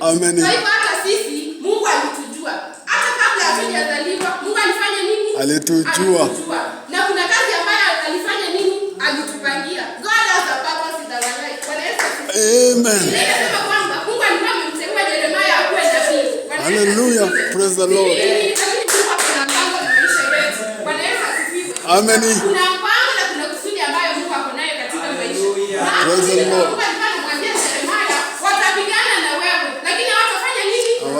Amen. Kwa hivyo hata sisi Mungu alitujua. Hata kabla hatujazaliwa Mungu alifanya nini? Alitujua. Na kuna kazi ambayo alifanya nini? Alitupangia. God has a purpose in our life. Bwana Yesu. Amen. Ninasema kwamba Mungu alikuwa amemteua Yeremia akuwe nabii. Hallelujah. Praise the Lord. Amen. Kuna mpango na kuna kusudi ambayo Mungu ako nayo katika maisha. Praise the Lord.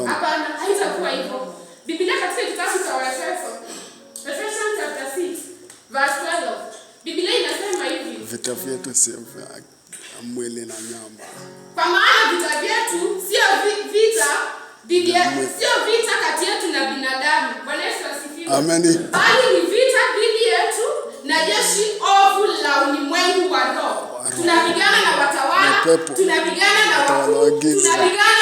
mfano. Hapana, haitakuwa hivyo. Biblia katika kitabu cha Waefeso, Efeso chapter 6 verse 12. Biblia inasema hivi. Vita vyetu si vya mwili na nyama. Kwa maana vita vyetu sio vita dhidi ya sio vita kati yetu na binadamu. Bwana Yesu asifiwe. Amen. Bali ni vita dhidi yetu na jeshi ovu la ulimwengu wa roho. Tunapigana na watawala, tunapigana na wakuu, tunapigana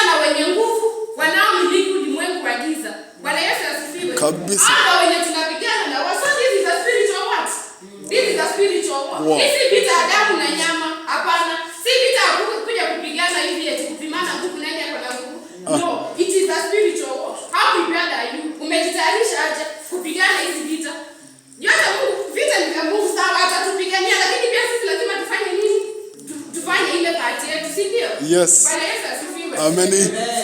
vita spiritual war. Hizi vita ya damu na nyama, hapana. Si vita kuja kupigana hivi eti kupimana nguvu na nani kwa nguvu. Ah. No, it is a spiritual war. How prepared are you? Umejitayarisha aje kupigana hizi vita? Yote Mungu vita ni vya Mungu sawa, atatupigania lakini pia sisi lazima tufanye nini? Tufanye ile part yetu, si ndio? Yes. Bwana Yesu asifiwe. Amen. Amen.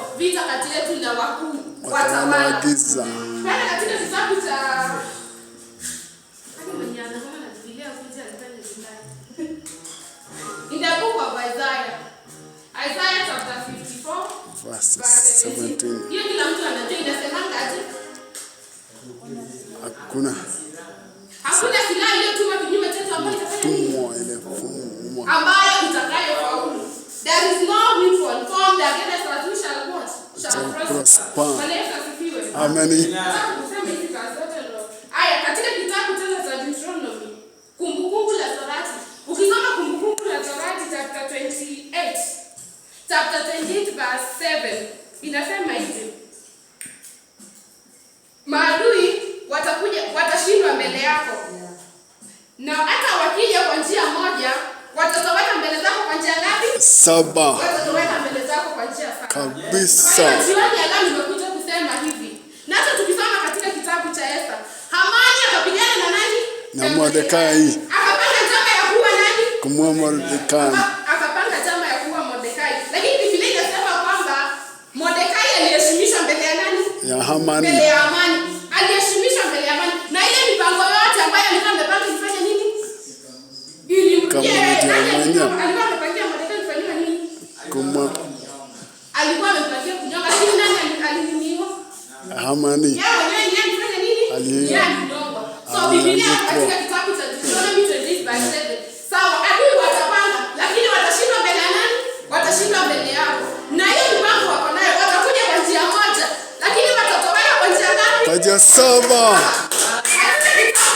vita kati yetu na wakuu watawala. Yaani Hakuna. Hakuna silaha ile tu kinyume chetu ambayo itafanya nini? ile Ambayo Ameni. Aya, katika kitabu cha Deuteronomy, kumbukumbu la Torati. Ukisoma kumbukumbu la Torati chapter 28, chapter 28 verse 7 inasema hivi. Maadui watakuja watashindwa mbele yako. Na hata wakija kwa njia moja, watatoweka mbele zako kwa njia ngapi? Saba kabisa. Wajiwani kitabu cha Esta, Hamani akapigana Na Mordekai, akapanga njama ya kuwa nani? Kumua Mordekai, akapanga njama ya kuwa Mordekai, lakini Biblia inasema kwamba Mordekai aliheshimishwa mbele ya nani? Ya Hamani, mbele ya Hamani. alikuwa amepatia kunyonga, si nani saba.